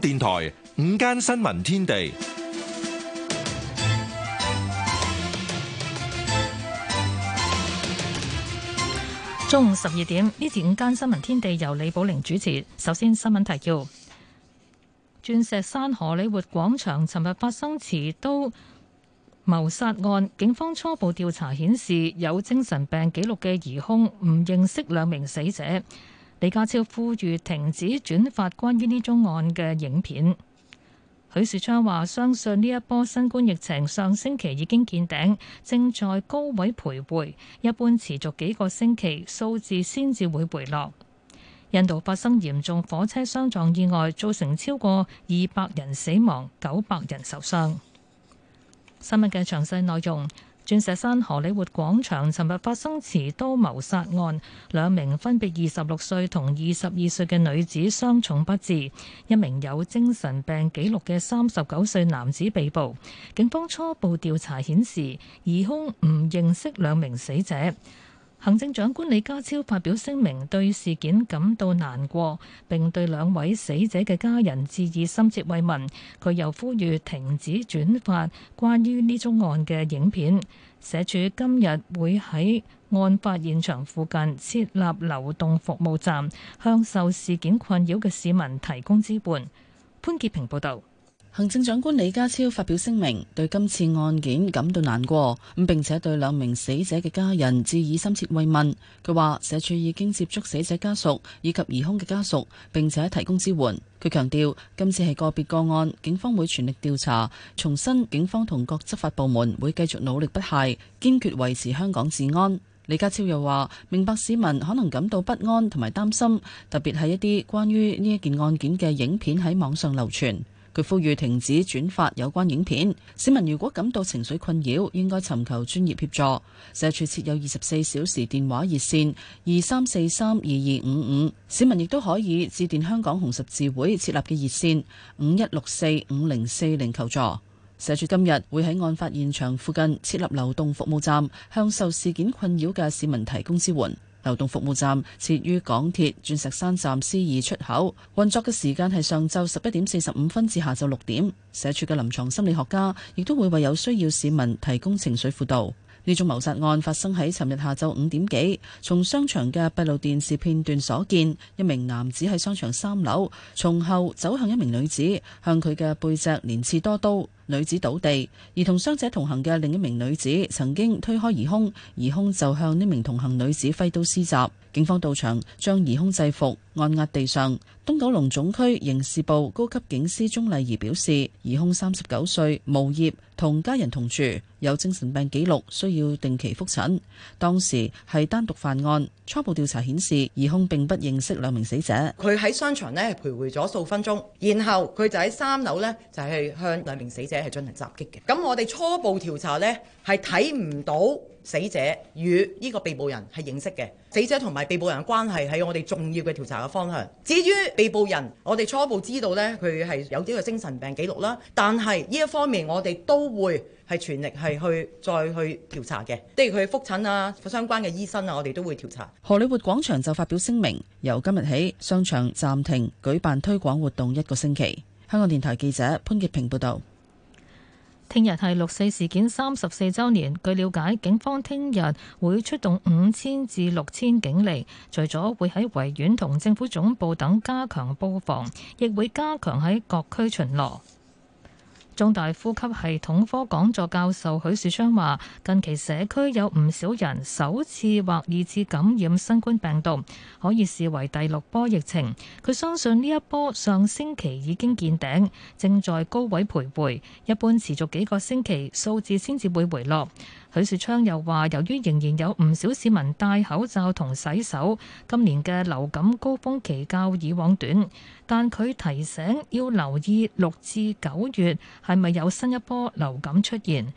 電台午間新聞天地，中午十二點，呢次午間新聞天地由李寶玲主持。首先新聞提要：鑽石山荷里活廣場尋日發生持刀謀殺案，警方初步調查顯示，有精神病記錄嘅疑凶唔認識兩名死者。李家超呼籲停止轉發關於呢宗案嘅影片。許樹昌話：相信呢一波新冠疫情上星期已經見頂，正在高位徘徊，一般持續幾個星期，數字先至會回落。印度發生嚴重火車相撞意外，造成超過二百人死亡，九百人受傷。新聞嘅詳細內容。鑽石山荷里活廣場尋日發生持刀謀殺案，兩名分別二十六歲同二十二歲嘅女子傷重不治，一名有精神病紀錄嘅三十九歲男子被捕。警方初步調查顯示，疑兇唔認識兩名死者。行政長官李家超發表聲明，對事件感到難過，並對兩位死者嘅家人致以深切慰問。佢又呼籲停止轉發關於呢宗案嘅影片。社署今日會喺案發現場附近設立流動服務站，向受事件困擾嘅市民提供支援。潘潔平報導。行政長官李家超發表聲明，對今次案件感到難過咁，並且對兩名死者嘅家人致以深切慰問。佢話社署已經接觸死者家屬以及疑兇嘅家屬，並且提供支援。佢強調今次係個別個案，警方會全力調查。重申警方同各執法部門會繼續努力不懈，堅決維持香港治安。李家超又話明白市民可能感到不安同埋擔心，特別係一啲關於呢一件案件嘅影片喺網上流傳。佢呼籲停止轉發有關影片。市民如果感到情緒困擾，應該尋求專業協助。社署設有二十四小時電話熱線，二三四三二二五五，市民亦都可以致電香港紅十字會設立嘅熱線五一六四五零四零求助。社署今日會喺案發現場附近設立流動服務站，向受事件困擾嘅市民提供支援。流動服務站設於港鐵鑽石山站 C 二出口，運作嘅時間係上晝十一點四十五分至下晝六點。社署嘅臨床心理學家亦都會為有需要市民提供情緒輔導。呢宗謀殺案發生喺尋日下晝五點幾，從商場嘅閉路電視片段所見，一名男子喺商場三樓從後走向一名女子，向佢嘅背脊連刺多刀。女子倒地，而同傷者同行嘅另一名女子曾經推開疑兇，疑凶就向呢名同行女子揮刀施襲。警方到場將疑兇制服，按壓地上。東九龍總區刑事部高級警司鍾麗儀表示，疑凶三十九歲，無業，同家人同住，有精神病記錄，需要定期覆診。當時係單獨犯案。初步調查顯示，疑凶並不認識兩名死者。佢喺商場呢徘徊咗數分鐘，然後佢就喺三樓呢就係、是、向兩名死者係進行襲擊嘅。咁，我哋初步調查呢，係睇唔到死者與呢個被捕人係認識嘅。死者同埋被捕人嘅關係係我哋重要嘅調查嘅方向。至於被捕人，我哋初步知道呢，佢係有幾個精神病記錄啦。但係呢一方面，我哋都會係全力係去再去調查嘅，例如佢覆診啊、相關嘅醫生啊，我哋都會調查。荷里活廣場就發表聲明，由今日起商場暫停舉辦推廣活動一個星期。香港電台記者潘潔平報導。聽日係六四事件三十四週年，據了解，警方聽日會出動五千至六千警力，除咗會喺維園同政府總部等加強布防，亦會加強喺各區巡邏。中大呼吸系統科講座教授許樹昌話，近期社區有唔少人首次或二次感染新冠病毒，可以視為第六波疫情。佢相信呢一波上星期已經見頂，正在高位徘徊，一般持續幾個星期數字先至會回落。許樹昌又話：由於仍然有唔少市民戴口罩同洗手，今年嘅流感高峰期較以往短，但佢提醒要留意六至九月係咪有新一波流感出現。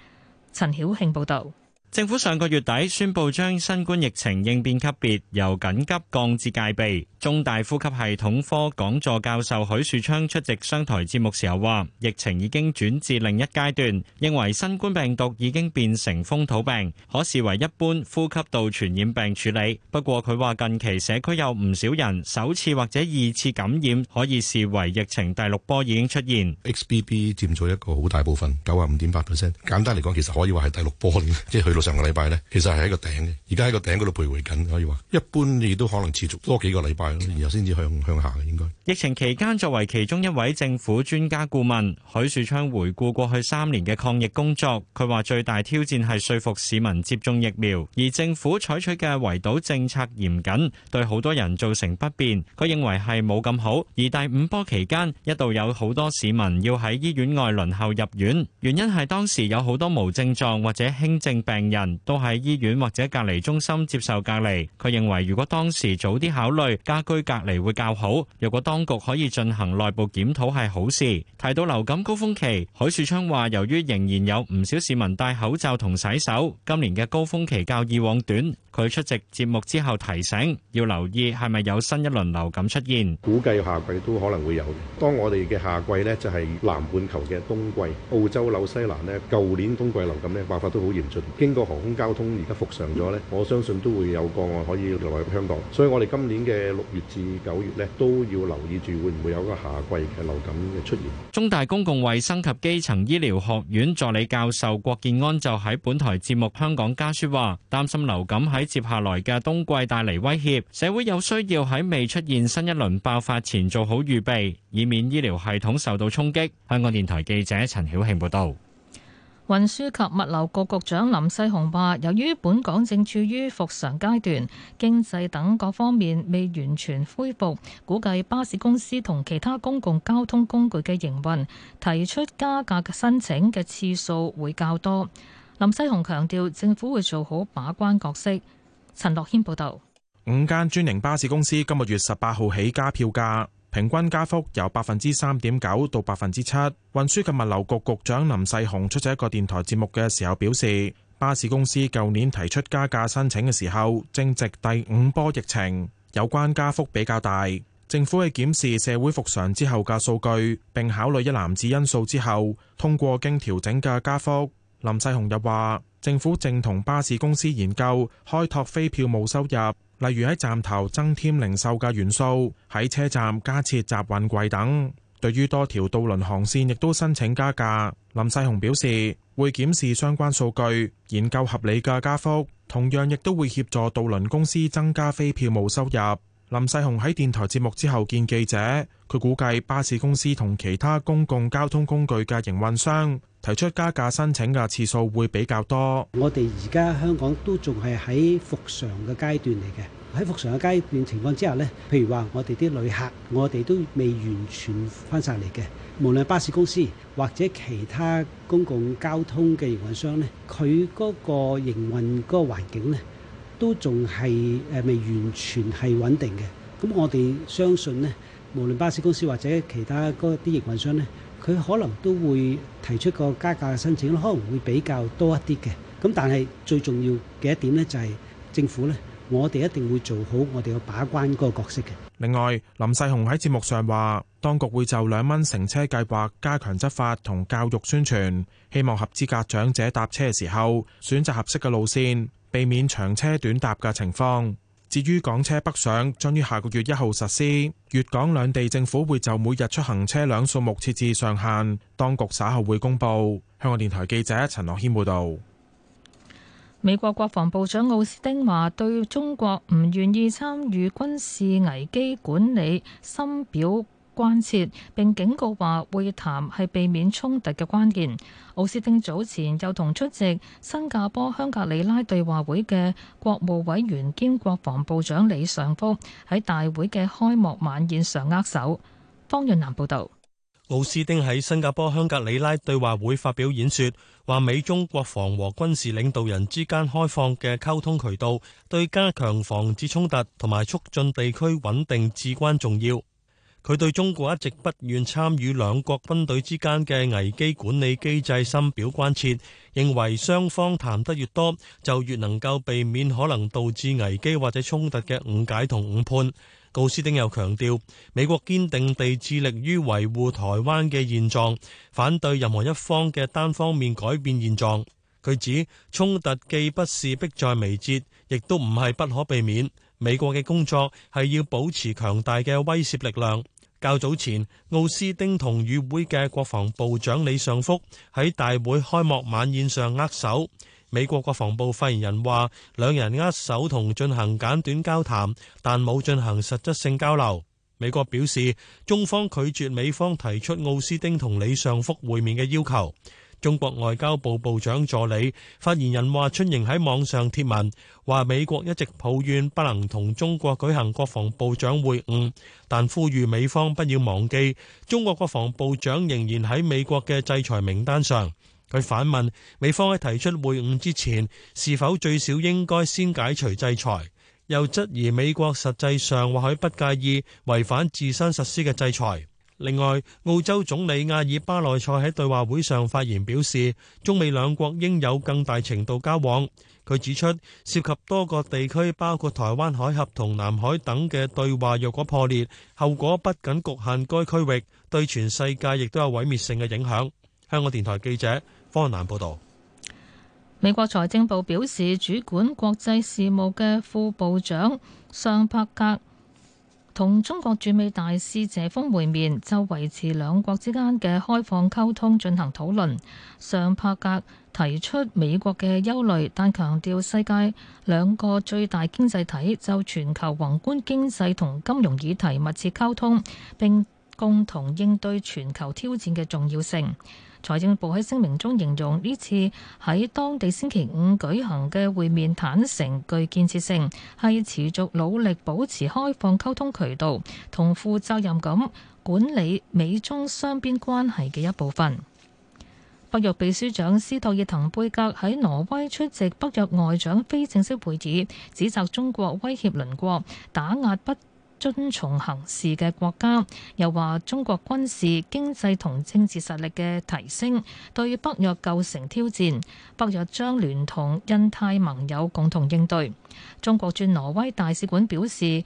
陳曉慶報導。政府上個月底宣布將新冠疫情應變級別由緊急降至戒備。中大呼吸系統科講座教授許樹昌出席商台節目時候話疫情已經轉至另一階段，認為新冠病毒已經變成風土病，可視為一般呼吸道傳染病處理。不過佢話近期社區有唔少人首次或者二次感染，可以視為疫情第六波已經出現。XBB 佔咗一個好大部分，九啊五點八 percent。簡單嚟講，其實可以話係第六波嘅，即係去到上個禮拜咧，其實係喺個頂嘅，而家喺個頂嗰度徘徊緊，可以話一般亦都可能持續多幾個禮拜。然後先至向向下嘅應該。疫情期間作為其中一位政府專家顧問，許樹昌回顧過去三年嘅抗疫工作，佢話最大挑戰係説服市民接種疫苗，而政府採取嘅圍堵政策嚴謹，對好多人造成不便。佢認為係冇咁好。而第五波期間一度有好多市民要喺醫院外輪候入院，原因係當時有好多無症狀或者輕症病人，都喺醫院或者隔離中心接受隔離。佢認為如果當時早啲考慮加居隔離會較好。若果當局可以進行內部檢討係好事。提到流感高峯期，許樹昌話：由於仍然有唔少市民戴口罩同洗手，今年嘅高峯期較以往短。佢出席節目之後提醒，要留意係咪有新一輪流感出現。估計夏季都可能會有。當我哋嘅夏季咧，就係南半球嘅冬季。澳洲紐西蘭咧，舊年冬季流感咧，爆發都好嚴峻。經過航空交通而家復常咗咧，我相信都會有個案可以來到香港。所以我哋今年嘅六月至九月呢，都要留意住會唔會有個夏季嘅流感嘅出現。中大公共衞生及基層醫療學院助理教授郭建安就喺本台節目《香港家書》話，擔心流感喺接下來嘅冬季帶嚟威脅，社會有需要喺未出現新一輪爆發前做好預備，以免醫療系統受到衝擊。香港電台記者陳曉慶報道。運輸及物流局局長林世雄話，由於本港正處於復常階段，經濟等各方面未完全恢復，估計巴士公司同其他公共交通工具嘅營運提出加價嘅申請嘅次數會較多。林世雄強調，政府會做好把關角色。陳樂軒報道：五間專營巴士公司今個月十八號起加票價。平均加幅由百分之三點九到百分之七。運輸及物流局局長林世雄出席一個電台節目嘅時候表示，巴士公司舊年提出加價申請嘅時候，正值第五波疫情，有關加幅比較大。政府喺檢視社會復常之後嘅數據，並考慮一籃子因素之後，通過經調整嘅加幅。林世雄又話，政府正同巴士公司研究開拓非票務收入。例如喺站頭增添零售嘅元素，喺車站加設集運櫃等。對於多條渡輪航線，亦都申請加價。林世雄表示會檢視相關數據，研究合理嘅加幅，同樣亦都會協助渡輪公司增加非票務收入。林世雄喺電台節目之後見記者，佢估計巴士公司同其他公共交通工具嘅營運商。提出加價申請嘅次數會比較多。我哋而家香港都仲係喺復常嘅階段嚟嘅。喺復常嘅階段情況之下呢，譬如話我哋啲旅客，我哋都未完全返晒嚟嘅。無論巴士公司或者其他公共交通嘅營運商呢，佢嗰個營運嗰個環境呢，都仲係誒未完全係穩定嘅。噉我哋相信呢，無論巴士公司或者其他嗰啲營運商呢。佢可能都會提出個加價嘅申請，可能會比較多一啲嘅。咁但係最重要嘅一點呢，就係政府呢，我哋一定會做好我哋要把關嗰個角色嘅。另外，林世雄喺節目上話，當局會就兩蚊乘車計劃加強執法同教育宣傳，希望合資格長者搭車嘅時候選擇合適嘅路線，避免長車短搭嘅情況。至於港車北上，將於下個月一號實施。粵港兩地政府會就每日出行車輛數目設置上限，當局稍後會公布。香港電台記者陳樂軒報導。美國國防部長奧斯汀話：對中國唔願意參與軍事危機管理，深表關切並警告話，會談係避免衝突嘅關鍵。奧斯汀早前又同出席新加坡香格里拉對話會嘅國務委員兼國防部長李尚福喺大會嘅開幕晚宴上握手。方潤南報導。奧斯汀喺新加坡香格里拉對話會發表演說，話美中國防和軍事領導人之間開放嘅溝通渠道，對加強防止衝突同埋促進地區穩定至關重要。佢對中國一直不願參與兩國軍隊之間嘅危機管理機制深表關切，認為雙方談得越多，就越能夠避免可能導致危機或者衝突嘅誤解同誤判。高斯丁又強調，美國堅定地致力於維護台灣嘅現狀，反對任何一方嘅單方面改變現狀。佢指衝突既不是迫在眉睫，亦都唔係不可避免。美國嘅工作係要保持強大嘅威懾力量。較早前，奧斯丁同與會嘅國防部長李尚福喺大會開幕晚宴上握手。美國國防部發言人話，兩人握手同進行簡短交談，但冇進行實質性交流。美國表示，中方拒絕美方提出奧斯丁同李尚福會面嘅要求。中國外交部部長助理，發言人話春瑩喺網上貼文，話美國一直抱怨不能同中國舉行國防部長會晤。但呼籲美方不要忘記，中國國防部長仍然喺美國嘅制裁名單上。佢反問，美方喺提出會晤之前，是否最少應該先解除制裁？又質疑美國實際上或許不介意，違反自身實施嘅制裁。另外，澳洲總理阿爾巴內塞喺對話會上發言表示，中美兩國應有更大程度交往。佢指出，涉及多個地區，包括台灣海峽同南海等嘅對話，若果破裂，後果不僅局限該區域，對全世界亦都有毀滅性嘅影響。香港電台記者方南報道。美國財政部表示，主管國際事務嘅副部長尚柏格同中國駐美大使謝峰會面，就維持兩國之間嘅開放溝通進行討論。尚柏格提出美國嘅憂慮，但強調世界兩個最大經濟體就全球宏觀經濟同金融議題密切溝通。並共同應對全球挑戰嘅重要性。財政部喺聲明中形容呢次喺當地星期五舉行嘅會面坦誠具建設性，係持續努力保持開放溝通渠道同負責任咁管理美中雙邊關係嘅一部分。北約秘書長斯托爾滕貝格喺挪威出席北約外長非正式會議，指責中國威脅鄰國，打壓不遵從行事嘅國家，又話中國軍事、經濟同政治實力嘅提升對北約構成挑戰，北約將聯同印太盟友共同應對。中國駐挪威大使館表示：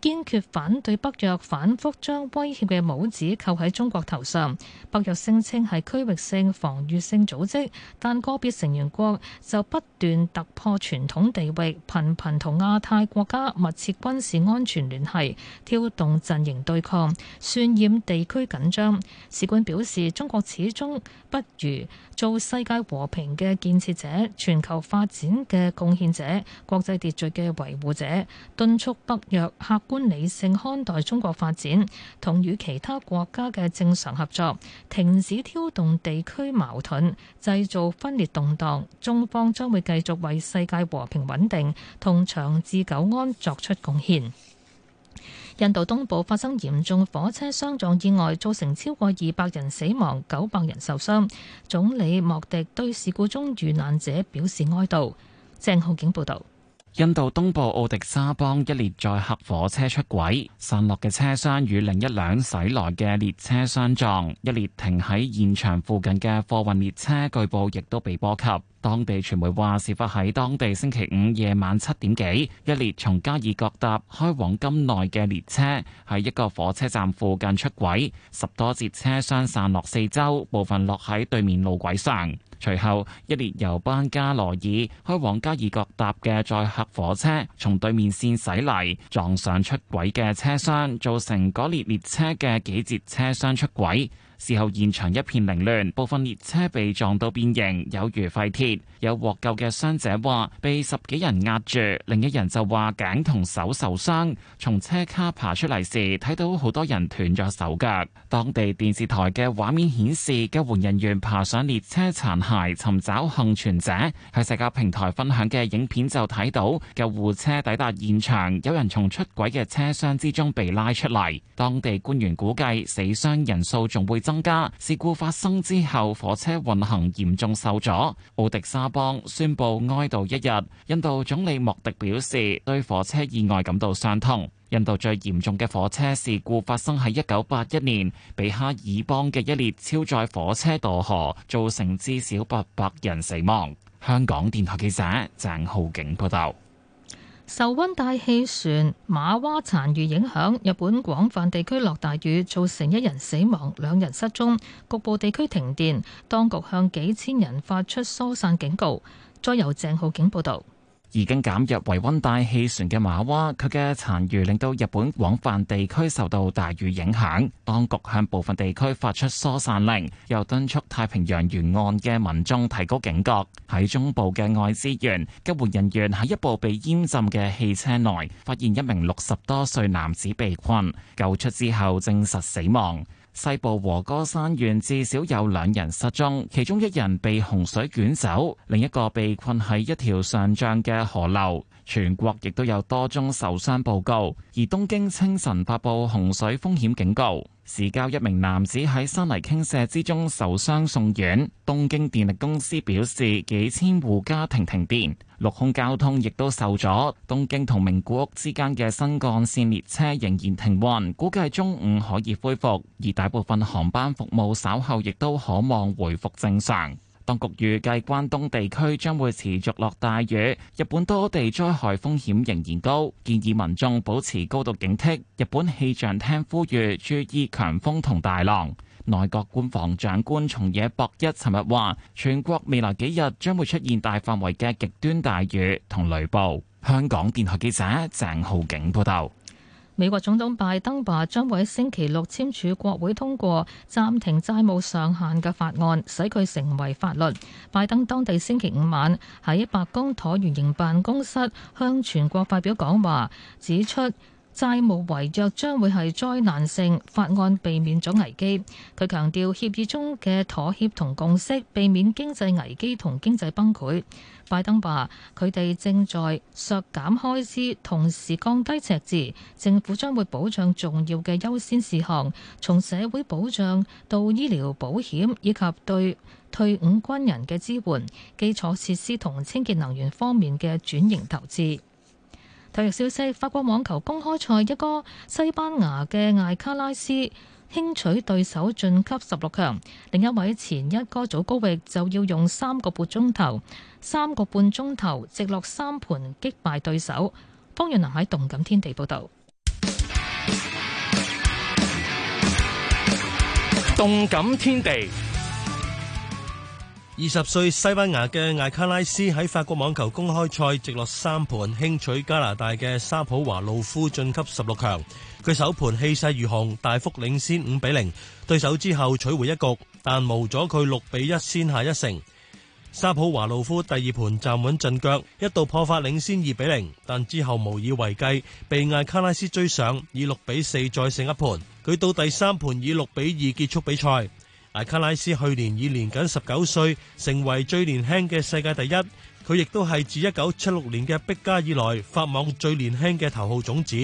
堅決反對北約反覆將威脅嘅帽子扣喺中國頭上。北約聲稱係區域性防禦性組織，但個別成員國就不斷突破傳統地域，頻頻同亞太國家密切軍事安全聯繫，挑動陣營對抗，渲染地區緊張。使館表示，中國始終不渝，做世界和平嘅建設者、全球發展嘅貢獻者、國際秩序嘅維護者，敦促北約客觀理性看待中國發展，同與其他國家嘅正常合作，停止挑動地區矛盾、製造分裂動盪。中方將會繼續為世界和平穩定同長治久安作出貢獻。印度東部發生嚴重火車相撞意外，造成超過二百人死亡、九百人受傷。總理莫迪對事故中遇難者表示哀悼。鄭浩景報道。印度東部奧迪沙邦一列載客火車出軌，散落嘅車廂與另一輛駛來嘅列車相撞，一列停喺現場附近嘅貨運列車據報亦都被波及。當地傳媒話，事發喺當地星期五夜晚七點幾，一列從加爾各答開往金奈嘅列車喺一個火車站附近出軌，十多節車廂散落四周，部分落喺對面路軌上。隨後，一列由班加羅爾開往加爾各答嘅載客火車從對面線駛嚟，撞上出軌嘅車廂，造成嗰列列車嘅幾節車廂出軌。事後現場一片凌亂，部分列車被撞到變形，有如廢鐵。有獲救嘅傷者話被十幾人壓住，另一人就話頸同手受傷。從車卡爬出嚟時，睇到好多人斷咗手腳。當地電視台嘅畫面顯示，救援人員爬上列車殘骸尋找幸存者。喺社交平台分享嘅影片就睇到救護車抵達現場，有人從出軌嘅車廂之中被拉出嚟。當地官員估計死傷人數仲會增加，事故發生之後火車運行嚴重受阻。奧迪沙邦宣布哀悼一日。印度總理莫迪表示對火車意外感到傷痛。印度最嚴重嘅火車事故發生喺一九八一年，比哈爾邦嘅一列超載火車墮河，造成至少八百人死亡。香港電台記者鄭浩景報道。受溫帶氣旋馬娃殘餘影響，日本廣泛地區落大雨，造成一人死亡、兩人失蹤，局部地區停電，當局向幾千人發出疏散警告。再由鄭浩景報導。已經減弱為溫帶氣旋嘅馬娃，佢嘅殘餘令到日本廣泛地區受到大雨影響，當局向部分地區發出疏散令，又敦促太平洋沿岸嘅民眾提高警覺。喺中部嘅愛知縣，救援人員喺一部被淹浸嘅汽車內發現一名六十多歲男子被困，救出之後證實死亡。西部和歌山縣至少有兩人失蹤，其中一人被洪水捲走，另一個被困喺一條上漲嘅河流。全國亦都有多宗受傷報告，而東京清晨發布洪水風險警告。市郊一名男子喺山泥傾瀉之中受傷送院。東京電力公司表示，幾千戶家庭停電，陸空交通亦都受阻。東京同名古屋之間嘅新幹線列車仍然停運，估計中午可以恢復，而大部分航班服務稍後亦都可望回復正常。當局預計關東地區將會持續落大雨，日本多地災害風險仍然高，建議民眾保持高度警惕。日本氣象廳呼籲注意強風同大浪。內閣官房長官松野博一尋日話，全國未來幾日將會出現大範圍嘅極端大雨同雷暴。香港電台記者鄭浩景報道。美國總統拜登話將會喺星期六簽署國會通過暫停債務上限嘅法案，使佢成為法律。拜登當地星期五晚喺白宮橢圓形辦公室向全國發表講話，指出債務違約將會係災難性，法案避免咗危機。佢強調協議中嘅妥協同共識，避免經濟危機同經濟崩潰。拜登話，佢哋正在削減開支，同時降低赤字。政府將會保障重要嘅優先事項，從社會保障到醫療保險，以及對退伍軍人嘅支援、基礎設施同清潔能源方面嘅轉型投資。體育消息：法國網球公開賽，一哥西班牙嘅艾卡拉斯輕取對手晉級十六強，另一位前一哥祖高域就要用三個半鐘頭，三個半鐘頭直落三盤擊敗對手。方潤南喺動感天地報道。動感天地。報二十歲西班牙嘅艾卡拉斯喺法國網球公開賽直落三盤輕取加拿大嘅沙普華路夫晉級十六強。佢首盤氣勢如虹，大幅領先五比零，對手之後取回一局，但無阻佢六比一先下一城。沙普華路夫第二盤站穩陣腳，一度破發領先二比零，但之後無以為繼，被艾卡拉斯追上，以六比四再勝一盤。佢到第三盤以六比二結束比賽。艾卡拉斯去年已年僅十九歲，成為最年輕嘅世界第一。佢亦都係自一九七六年嘅碧加以來法網最年輕嘅頭號種子。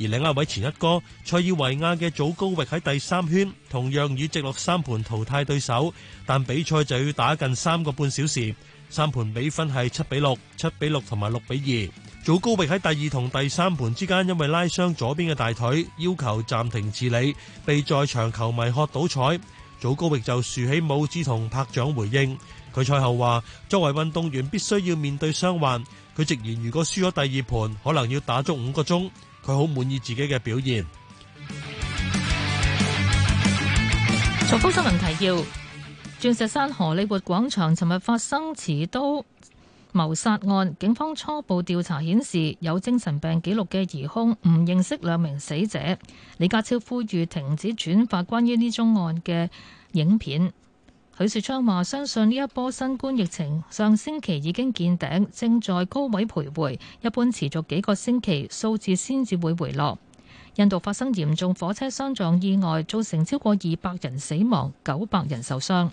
而另一位前一哥塞爾維亞嘅祖高域喺第三圈同樣以直落三盤淘汰對手，但比賽就要打近三個半小時。三盤比分係七比六、七比六同埋六比二。祖高域喺第二同第三盤之間，因為拉傷左邊嘅大腿，要求暫停治理，被在場球迷喝倒彩。祖高域就豎起拇指同拍掌回應，佢賽後話：作為運動員，必須要面對傷患。佢直言，如果輸咗第二盤，可能要打足五個鐘。佢好滿意自己嘅表現。重複新聞提要：鑽石山荷里活廣場尋日發生持刀謀殺案，警方初步調查顯示，有精神病記錄嘅疑凶唔認識兩名死者。李家超呼籲停止轉發關於呢宗案嘅影片。許樹昌話：相信呢一波新冠疫情上星期已經見頂，正在高位徘徊，一般持續幾個星期數字先至會回落。印度發生嚴重火車相撞意外，造成超過二百人死亡，九百人受傷。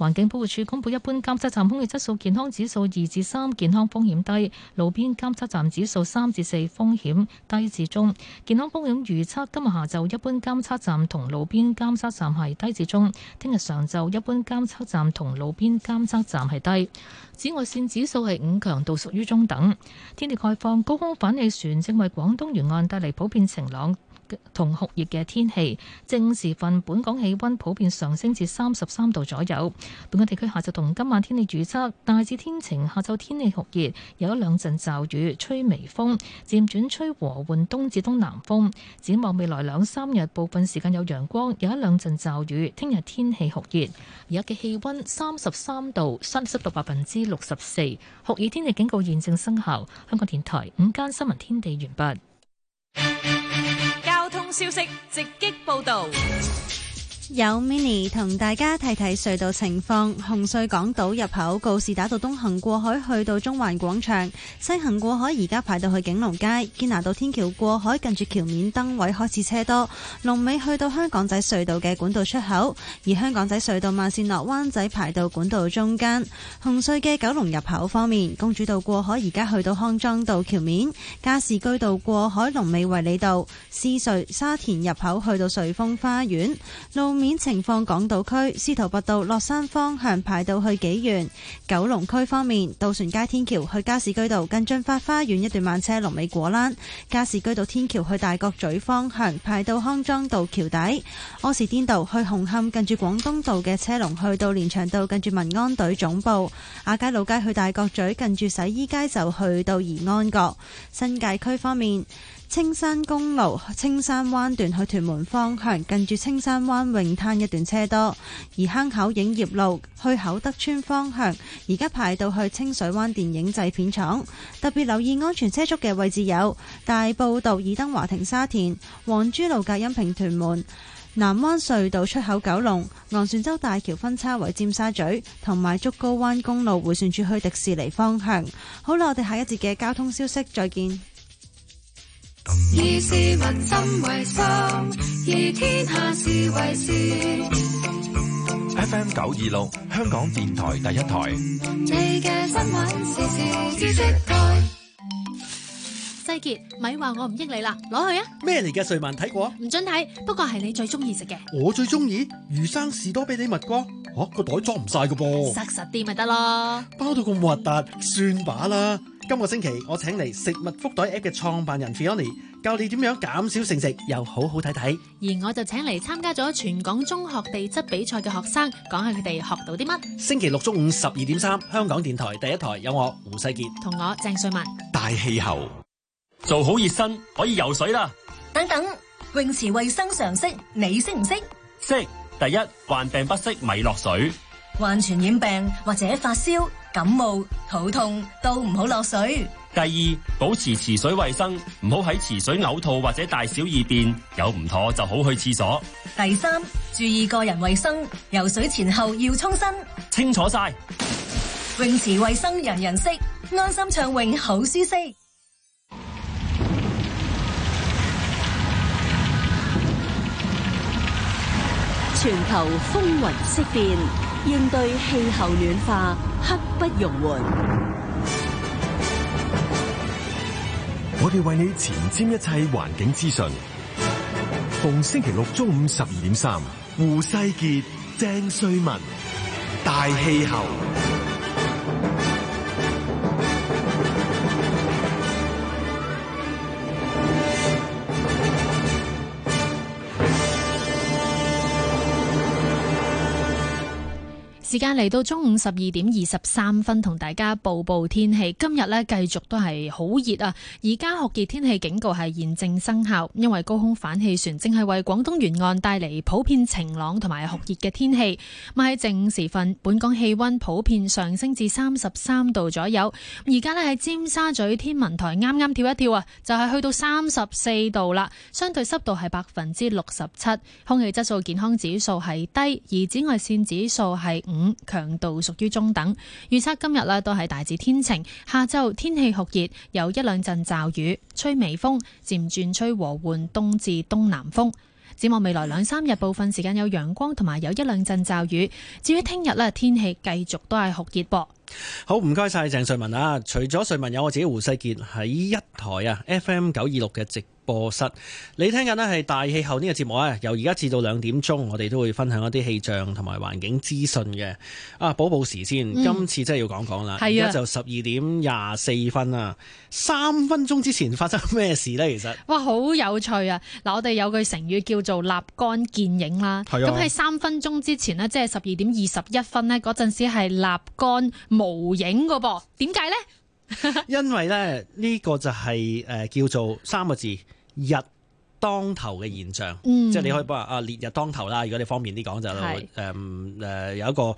環境保護署公布一般監測站空氣質素健康指數二至三，健康風險低；路邊監測站指數三至四，風險低至中。健康風險預測今日下晝一般監測站同路邊監測站係低至中，聽日上晝一般監測站同路邊監測站係低。紫外綫指數係五，強度屬於中等。天氣概況：高空反氣旋正為廣東沿岸帶嚟普遍晴朗。同酷熱嘅天氣正時份，本港氣溫普遍上升至三十三度左右。本港地區下晝同今晚天氣預測，大致天晴，下晝天氣酷熱，有一兩陣驟雨，吹微風，漸轉吹和緩東至東南風。展望未來兩三日，部分時間有陽光，有一兩陣驟雨。聽日天，天氣酷熱，而家嘅氣溫三十三度，濕度百分之六十四，酷熱天氣警告現正生效。香港電台午間新聞天地完畢。 消息直擊報道。有 mini 同大家睇睇隧道情況，紅隧港島入口告士打道東行過海去到中環廣場，西行過海而家排到去景隆街堅拿道天橋過海，近住橋面燈位開始車多，龍尾去到香港仔隧道嘅管道出口，而香港仔隧道慢綫落灣仔排到管道中間。紅隧嘅九龍入口方面，公主道過海而家去到康莊道橋面，加士居道過海龍尾圍里道，獅隧沙田入口去到瑞峰花園路。面情況，港島區司徒拔道落山方向排到去幾元、九龍區方面，渡船街天橋去加士居道近駿發花園一段慢車龍尾果欄；加士居道天橋去大角咀方向排到康莊道橋底；柯士甸道去紅磡近住廣東道嘅車龍去到連翔道近住民安隊總部；亞皆老街去大角咀近住洗衣街就去到宜安閣；新界區方面。青山公路青山灣段去屯門方向，近住青山灣泳灘一段車多，而坑口影業路去厚德邨方向而家排到去清水灣電影製片廠。特別留意安全車速嘅位置有大埔道爾登華庭、沙田黃珠路隔音屏、屯門南灣隧道出口九龍、九龍昂船洲大橋分叉位、尖沙咀同埋竹篙灣公路回旋處去迪士尼方向。好啦，我哋下一節嘅交通消息再見。以市民心為心，以天下事為事。FM 九二六，香港電台第一台。世傑咪話我唔益你啦，攞去啊！咩嚟嘅？瑞文睇過啊？唔準睇，不過係你最中意食嘅。我最中意魚生、士多啤梨、蜜瓜，吓、啊、個袋裝唔晒嘅噃，塞實啲咪得咯。包到咁核突，算把啦。今個星期我請嚟食物福袋 App 嘅創辦人 Fiona 教你點樣減少剩食，又好好睇睇。而我就請嚟參加咗全港中學地質比賽嘅學生，講下佢哋學到啲乜。星期六中午十二點三，3，香港電台第一台有我胡世傑同我鄭瑞文大氣候。做好熱身可以游水啦。等等，泳池衛生常識你識唔識？識。第一，患病不適，咪落水。患傳染病或者發燒、感冒、肚痛都唔好落水。第二，保持池水衛生，唔好喺池水嘔吐或者大小二便，有唔妥就好去廁所。第三，注意個人衛生，游水前後要沖身，清楚晒。泳池衛生人，人人識，安心暢泳好舒適。全球風雲色變，應對氣候暖化刻不容緩。我哋為你前瞻一切環境資訊，逢星期六中午十二點三，胡世傑、鄭瑞文，大氣候。時間嚟到中午十二點二十三分，同大家報報天氣。今日呢，繼續都係好熱啊！而家酷熱天氣警告係現正生效，因為高空反氣旋正係為廣東沿岸帶嚟普遍晴朗同埋酷熱嘅天氣。咁喺正午時分，本港氣温普遍上升至三十三度左右。而家呢，喺尖沙咀天文台啱啱跳一跳啊，就係去到三十四度啦。相對濕度係百分之六十七，空氣質素健康指數係低，而紫外線指數係五。強度屬於中等，預測今日呢都係大致天晴，下晝天氣酷熱，有一兩陣驟雨，吹微風，漸轉吹和緩東至東南風。展望未來兩三日，部分時間有陽光同埋有一兩陣驟雨。至於聽日呢，天氣繼續都係酷熱噃。好，唔該晒鄭瑞文啊，除咗瑞文，有我自己胡世傑喺一台啊，FM 九二六嘅直。課室，你聽緊咧係大氣候呢個節目咧，由而家至到兩點鐘，我哋都會分享一啲氣象同埋環境資訊嘅。啊，播報時先，今次真係要講講啦。係啊、嗯，就十二點廿四分啊，的三分鐘之前發生咩事呢？其實哇，好有趣啊！嗱，我哋有句成語叫做立竿見影啦。咁喺三分鐘之前呢，即係十二點二十一分呢，嗰陣時係立竿無影噶噃？點解呢？ 因為咧呢個就係、是、誒、呃、叫做三個字。日當頭嘅現象，嗯、即係你可以幫我啊，烈日當頭啦！如果你方便啲講就誒誒是、嗯呃、有一個。